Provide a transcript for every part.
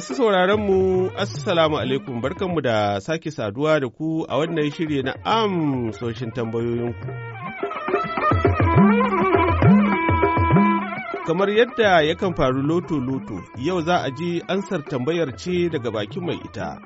Masu sauraron mu Assalamu alaikum barkanmu da sake saduwa da ku a wannan shirye na amsoshin tambayoyinku. Kamar yadda yakan faru loto-loto, yau za a ji ansar tambayar ce daga bakin mai ita.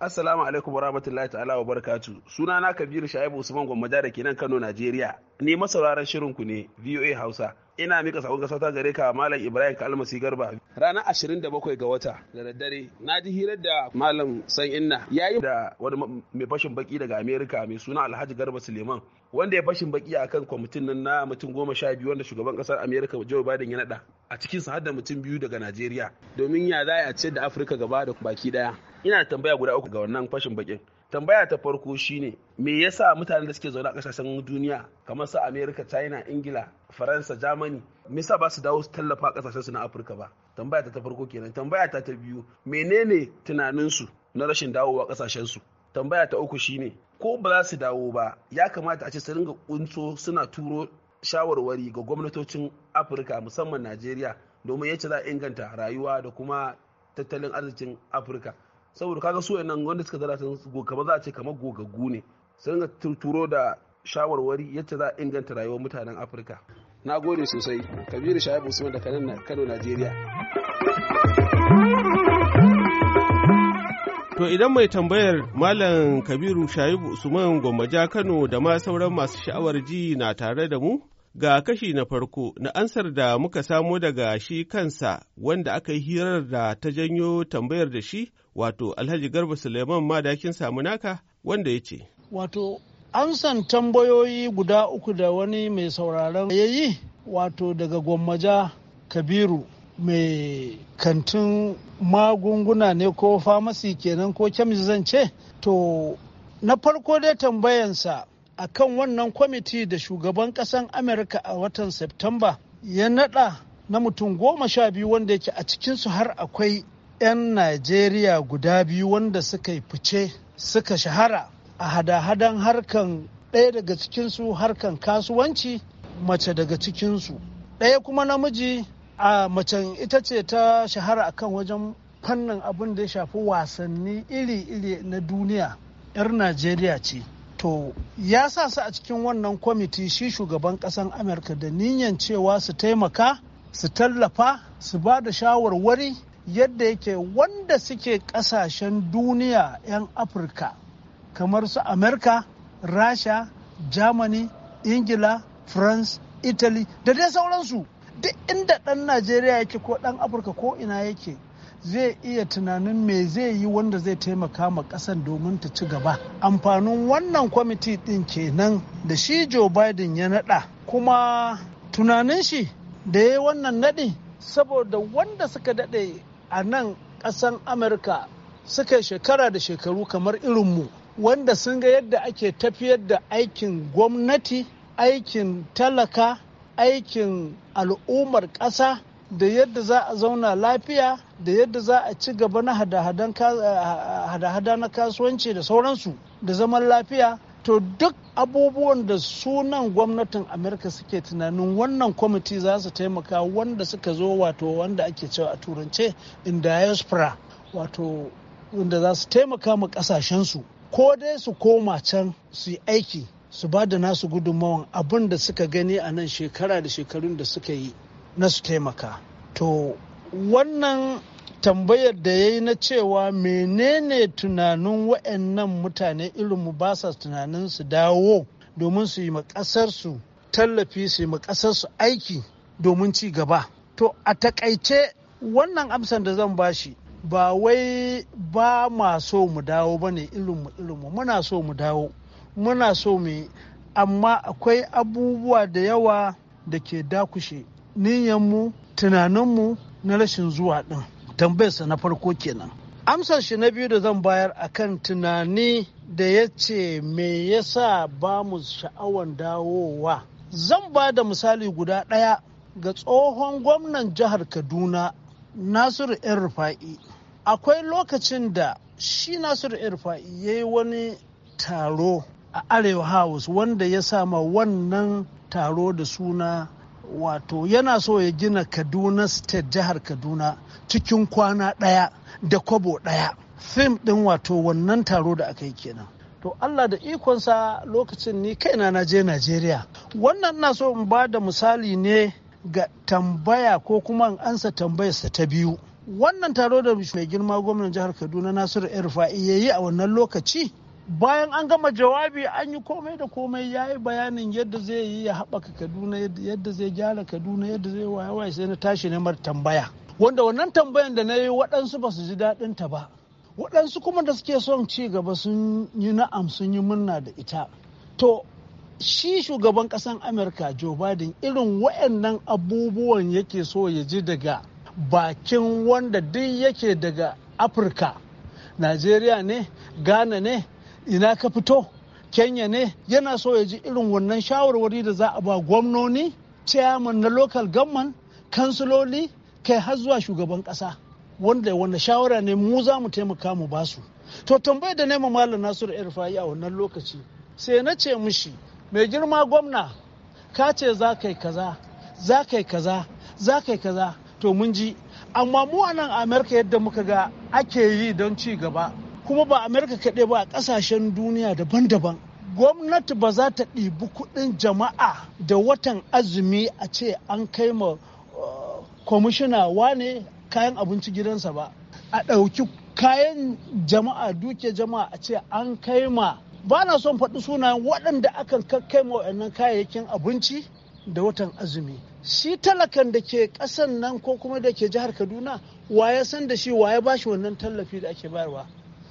Assalamu alaikum wa rahmatullahi ta'ala wa barkatu. Suna na Kabiru Shaibu Usman Gwammaja da ke nan Kano, Najeriya. Ni masauraran shirin ku ne VOA Hausa. Ina mika sakon gasa ta gare ka Malam Ibrahim Kalmasi Garba. Ranar 27 ga wata da daddare na ji hirar da Malam San Inna yi da wani mai fashin baki daga Amerika mai suna Alhaji Garba Suleiman wanda ya fashin baki akan kwamitin nan na mutum goma sha biyu wanda shugaban kasar Amerika Joe Biden ya nada a cikin sa da mutum biyu daga Najeriya domin ya za a ce da Afirka gaba da baki daya. ina tambaya guda uku ga wannan fashin bakin tambaya ta farko shine me yasa mutane da suke zaune a kasashen duniya kamar su america china ingila faransa germany me yasa ba su dawo su tallafa kasashen su na afirka ba tambaya ta ta farko kenan tambaya ta ta biyu menene tunanin su na rashin dawowa kasashen su tambaya ta uku shine ko ba za su dawo ba ya kamata a ce su ringa kunso suna turo shawarwari ga gwamnatocin afirka musamman najeriya domin yace za a inganta rayuwa da kuma tattalin arzikin afirka saboda kaga su nan wanda suka zara sun goga za a ce kamar gogaggu ne sun ga turturo da shawarwari yadda za a inganta rayuwar mutanen afirka na gode sosai kabiru shaibu usman da kanan kano najeriya To idan mai tambayar Malam Kabiru Shaibu Usman Gwammaja Kano da ma sauran masu sha'awar ji na tare da mu, Ga kashi na farko na ansar da muka samo daga shi kansa wanda aka yi hirar da ta janyo tambayar da shi wato Alhaji Garba Suleiman Madakin naka wanda ya ce. Wato ansan tambayoyi guda uku da wani mai sauraron ya yi wato daga gwammaja Kabiru mai kantin magunguna ne ko famasi kenan ko kemis zan ce to na farko dai tambayansa a kan wannan kwamiti da shugaban ƙasan amurka a watan septemba ya naɗa na mutum goma sha biyu wanda yake a cikinsu har akwai 'yan najeriya guda biyu wanda suka yi fice suka shahara a hada-hadan harkan ɗaya daga cikinsu harkan kasuwanci mace daga cikinsu ɗaya kuma namiji a macen ita ce ta shahara akan wajen fannin abin da ya shafi wasanni iri-iri na duniya 'yar najeriya ce to ya sa su a cikin wannan kwamiti shi shugaban kasan amurka da niyan cewa su taimaka su tallafa su ba da shawarwari yadda yake wanda suke kasashen duniya 'yan afirka kamar su amurka rasha germany ingila france italy da dai sauransu duk inda ɗan najeriya yake ko ɗan afirka ko ina yake zai iya tunanin me zai yi wanda zai taimaka ma ƙasan domin ta ci gaba amfanin wannan kwamiti ɗin kenan da shi joe biden ya naɗa kuma tunanin shi da ya yi wannan naɗi saboda wanda suka daɗe a nan ƙasan amurka suka shekara da shekaru kamar irin mu, wanda sun ga yadda ake tafiyar da aikin gwamnati aikin talaka aikin al'ummar ƙasa da yadda za a zauna lafiya da yadda za a ci gaba na eh, hada-hada na kasuwanci da sauransu da zaman lafiya to duk abubuwan da sunan gwamnatin amurka suke tunanin wannan kwamiti za su taimaka wanda suka zo wato wanda ake cewa a turance in diaspora wato wanda za su taimaka ma kasashensu ko dai su koma can su yi aiki su ba da nasu gudunmawan abin da suka gani a nan shekara da shekarun da suka yi na su taimaka to wannan tambayar da ya yi na cewa menene tunanin wa'annan mutane irinmu ba sa tunanin su dawo domin su yi ma ƙasarsu tallafi su yi ma aiki domin ci gaba to a takaice wannan amsan da zan bashi ba wai ba ma so mu dawo ba ne ilimu ilimu muna so mu dawo muna so mu amma akwai abubuwa da yawa da ke dakushe niyanmu tunaninmu na rashin zuwa ɗin tambayarsa na farko kenan amsar shi na biyu da zan bayar akan tunani da ya ce me yasa ba mu sha'awan dawowa zan ba da misali guda ɗaya ga tsohon gwamnan jihar kaduna nasiru yan rufa'i akwai lokacin da shi nasiru yan rufa'i ya yi wani taro a arewa house wanda ya sama wannan taro da suna wato yana so ya gina kaduna state jihar kaduna cikin kwana ɗaya da kwabo ɗaya fim ɗin wato wannan taro da aka yi kenan to allah da ikonsa lokacin ni kaina na je najeriya wannan na so in ba da misali ne ga tambaya ko kuma in ansa tambayarsa ta biyu wannan taro da mai girma gwamnan jihar kaduna nasiru el rufa'i ya yi a wannan lokaci bayan an gama jawabi an yi komai da komai ya yi bayanin yadda zai yi ya haɓaka kaduna yadda zai gyara kaduna yadda zai waye sai na tashi neman tambaya wanda wannan tambayan da na yi waɗansu ba su ji daɗin ta ba waɗansu kuma da suke son ci gaba sun yi na'am sun yi murna da ita to shi shugaban ƙasan amurka joe biden irin wayannan abubuwan yake so ya ji daga bakin wanda duk yake daga afirka najeriya ne ghana ne ina ka fito kenya ne yana so ya ji irin wannan shawarwari da za a ba gwamnoni chairman na local government kansiloli kai har zuwa shugaban kasa wanda wanda shawara ne mu za mu taimaka mu ba su? to tambayar da nema malam nasiru irfa'i a wannan lokaci sai na ce mishi mai girma gwamna ka ce za kai kaza za kai kaza za kai kaza to mun ji amma mu a nan amurka yadda muka ga ake yi don ci gaba kuma ba amerika kaɗai ba a ƙasashen duniya daban-daban gwamnati ba za ta ɗibi kuɗin jama'a da watan azumi a ce an kai ma eh, kwamishina wane kayan abinci gidansa ba a ɗauki kayan jama'a duke jama'a a ce an kai ma ba na son faɗi sunayen waɗanda akan kai ma waɗannan kayayyakin abinci da watan azumi shi talakan da ke ƙasan nan ko kuma da ke jihar kaduna waye san da shi wa ba shi wannan tallafi da ake bayarwa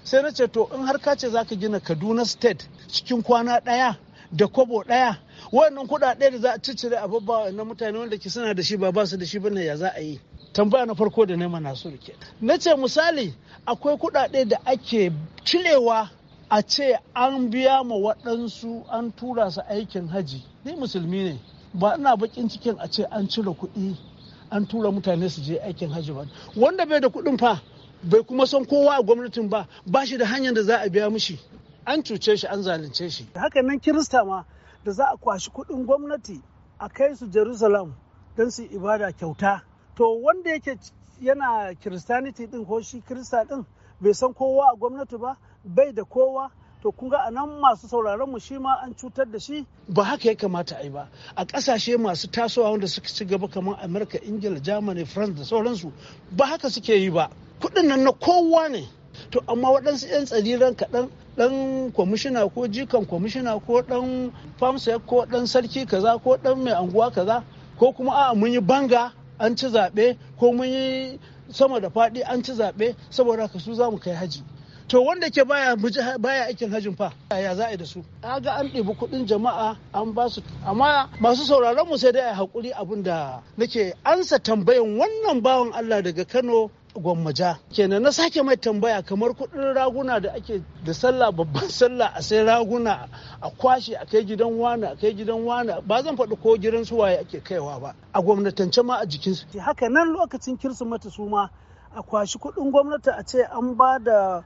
sai na ce to in har ka ce zaka gina kaduna state cikin kwana daya da kobo ɗaya wannan kuɗaɗe da za a ciccire a babba na mutane wanda ke suna da shi ba basu su da shi bane ya za a yi tambaya na farko da nema na su rike na ce misali akwai kuɗaɗe da ake cirewa a ce an biya ma waɗansu an tura su aikin haji ni musulmi ne ba ina bakin cikin a ce an cire kuɗi an tura mutane su je aikin haji ba wanda bai da kuɗin fa bai kuma san kowa a gwamnatin ba ba shi da hanyar da za a biya mushi an cuce shi an zalunce shi haka nan kirista ma da za a kwashi kudin gwamnati a kai su jerusalem don su ibada kyauta to wanda yake yana kiristaniti din ko shi kirista din bai san kowa a gwamnati ba bai da kowa to kun ga anan masu sauraron mu shi ma an cutar da shi ba haka ya kamata ai ba a kasashe masu tasowa wanda suka ci gaba kamar Amurka Ingila Germany France da sauransu ba haka suke yi ba kuɗin nan na kowa ne to amma waɗansu 'yan tsariran kaɗan ɗan kwamishina ko jikan kwamishina ko ɗan famsa ko ɗan sarki kaza ko ɗan mai anguwa kaza ko kuma a'a mun yi banga an ci zaɓe ko mun yi sama da faɗi an ci zaɓe saboda ka su za mu kai haji to wanda ke baya baya aikin hajin fa ya za a da su ga an ɗibi kuɗin jama'a an ba su amma masu sauraron mu sai dai a haƙuri abin da nake ansa tambayan wannan bawan Allah daga Kano gwammaja kenan na sake mai tambaya kamar kudin raguna da ake da sallah babban sallah a sai raguna a kwashe a kai gidan wani a kai gidan wani ba zan faɗi ko gidan su waye ake kaiwa ba a gwamnatance ma a jikinsu haka nan lokacin kirsimeti su ma a kwashi kuɗin gwamnati a ce an ba da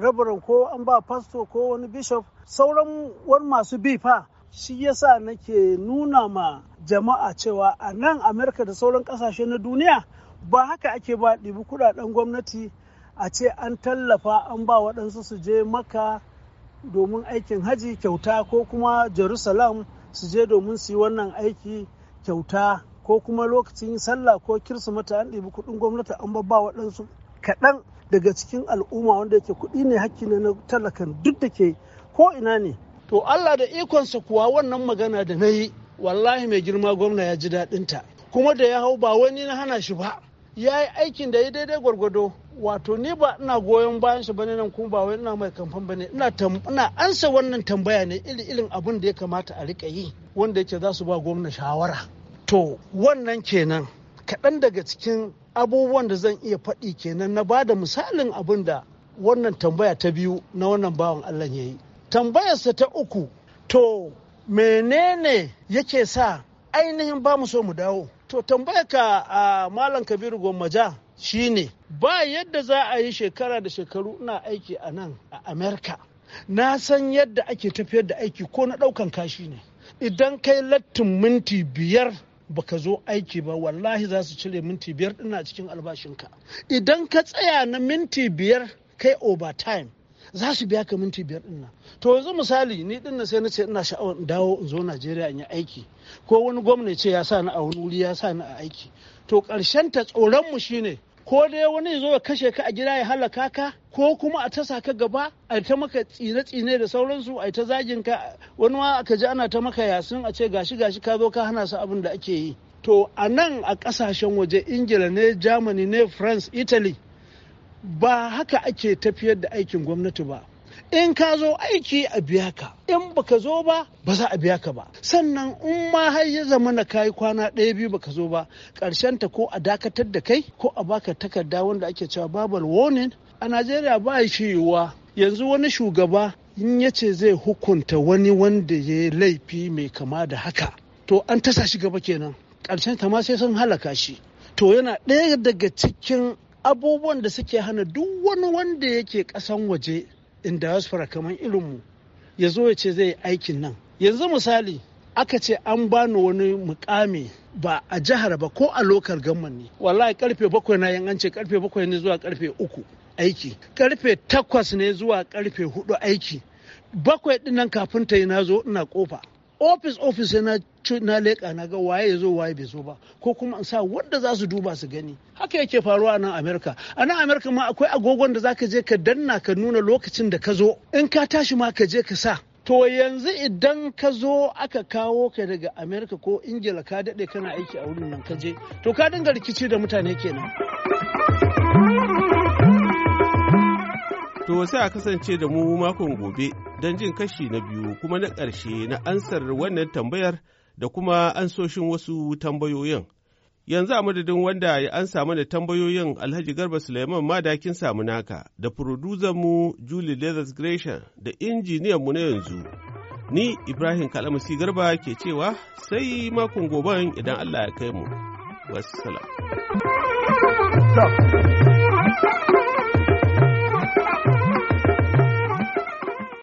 rabarin ko an ba fasto ko wani bishop sauran wani masu bi fa shi yasa nake nuna ma jama'a cewa a nan amurka da sauran kasashe na duniya ba haka ake ba ɗibi kuɗaɗen gwamnati a ce an tallafa an ba waɗansu su je maka domin aikin haji kyauta ko kuma jerusalem su je domin su yi wannan aiki kyauta ko kuma lokacin sallah ko kirsimata an ɗibi kuɗin gwamnati an ba waɗansu kaɗan daga cikin al'umma wanda yake kuɗi ne hakki ne na talakan duk da ke ko ina ne to allah da ikonsa kuwa wannan magana da na yi wallahi mai girma gwamna ya ji daɗinta kuma da ya hau ba wani na hana shi ba ya yi aikin da ya daidai gwargwado wato ni ba ina goyon bayan shi bane nan kuma ba wai ina mai kamfan bane ina ina ansa wannan tambaya ne iri irin abin da ya kamata a rika yi wanda yake za su ba gwamna shawara to wannan kenan kaɗan daga cikin abubuwan da zan iya faɗi kenan na ba da misalin abin da wannan tambaya ta biyu na wannan bawan Allah ya yi tambayarsa ta uku to menene yake sa ainihin ba mu so mu dawo to tambaya ka a malam kabiru gwammaja shine ba yadda za a yi shekara da shekaru ina aiki a nan a amerika na san yadda ake tafiyar da aiki ko na ɗaukan kashi ne idan kai lattin minti biyar baka zo aiki ba wallahi za su cire minti biyar ina cikin albashinka idan ka tsaya na minti biyar kai overtime za su biya ka minti biyar ɗin to yanzu misali ni ɗin sai na ce ina sha'awar in dawo in zo najeriya in yi aiki ko wani gwamna ce ya sa ni a wani wuri ya sa ni a aiki to ƙarshen ta tsoron mu shine ko dai wani ya zo ya kashe ka a gida ya halaka ka ko kuma a tasa ka gaba a ta maka tsine-tsine da sauransu a ta zagin ka wani ma aka ji ana ta maka yasin a ce gashi gashi ka zo ka hana su abin da ake yi to a nan a kasashen waje ingila ne germany ne france italy ba haka ake tafiyar da aikin gwamnati ba in ka zo aiki a biya ka in baka zo ba ba za a biya ka ba sannan in ma har ya zama na kayi kwana ɗaya biyu baka zo ba ƙarshen ta ko a dakatar da kai ko a baka takarda wanda ake cewa babal warning a najeriya ba shi yiwuwa yanzu wani shugaba in ya ce zai hukunta wani wanda ya yi laifi mai kama da haka to an tasa shi gaba kenan ƙarshen ta ma sai sun halaka shi to yana ɗaya daga cikin abubuwan da suke hana duk wani wanda yake kasan waje in diaspora kamar irinmu ya zo ya ce zai aikin nan yanzu misali aka ce an bani wani mukami ba a jihar ba ko a lokar gamman ne wallahi karfe bakwai na yan an ce karfe bakwai ne zuwa karfe uku aiki karfe takwas ne zuwa karfe hudu aiki bakwai dinnan kafin ta yi na zo ina kofa ofis ofis sai na leka leƙa na ga waye ya zo waye bai zo ba ko kuma in sa wanda za su duba su gani haka yake faruwa a nan amerika a nan amerika ma akwai agogon da zaka je ka danna ka nuna lokacin da ka zo in ka tashi ma ka je ka sa to yanzu idan ka zo aka kawo ka daga amerika ko ingila ka daɗe kana aiki a wurin nan ka je to ka dinga rikici da mutane kenan To sai a kasance da mu makon gobe don jin kashi na biyu kuma na ƙarshe na ansar wannan tambayar da kuma ansoshin wasu tambayoyin. Yanzu a madadin wanda ya ansa mana tambayoyin Alhaji Garba Suleiman Madakin Samunaka da mu Julie Leathers Gresham da injiniyanmu na yanzu. Ni Ibrahim Kalamusi Garba ke cewa sai makon goben idan Allah ya kai mu. Wassalam.